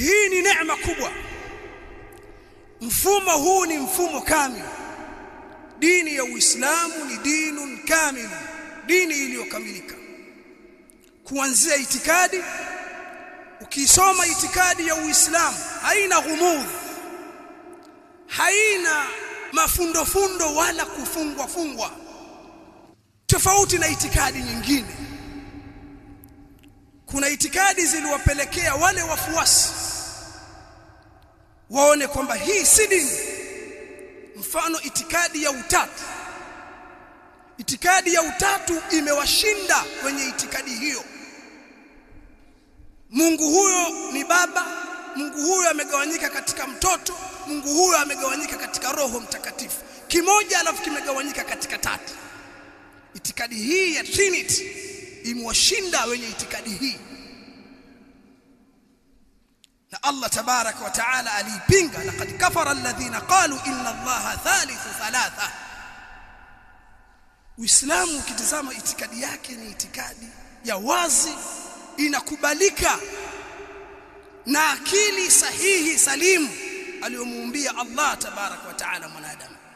Hii ni neema kubwa. Mfumo huu ni mfumo kamili. Dini ya Uislamu ni dinun kamil, dini iliyokamilika kuanzia itikadi. Ukisoma itikadi ya Uislamu haina ghumudh, haina mafundofundo wala kufungwa fungwa, tofauti na itikadi nyingine kuna itikadi ziliwapelekea wale wafuasi waone kwamba hii si dini mfano itikadi ya utatu itikadi ya utatu imewashinda wenye itikadi hiyo Mungu huyo ni baba Mungu huyo amegawanyika katika mtoto Mungu huyo amegawanyika katika roho mtakatifu kimoja alafu kimegawanyika katika tatu itikadi hii ya trinity imewashinda wenye itikadi hii, na Allah tabaraka wa aliipinga, laqad kafara alladhina qalu inna allaha thalithu thalatha. Uislamu ukitazama itikadi yake ni itikadi ya wazi, inakubalika na akili sahihi salimu aliyomuumbia Allah tabaraka wa taala mwanadamu.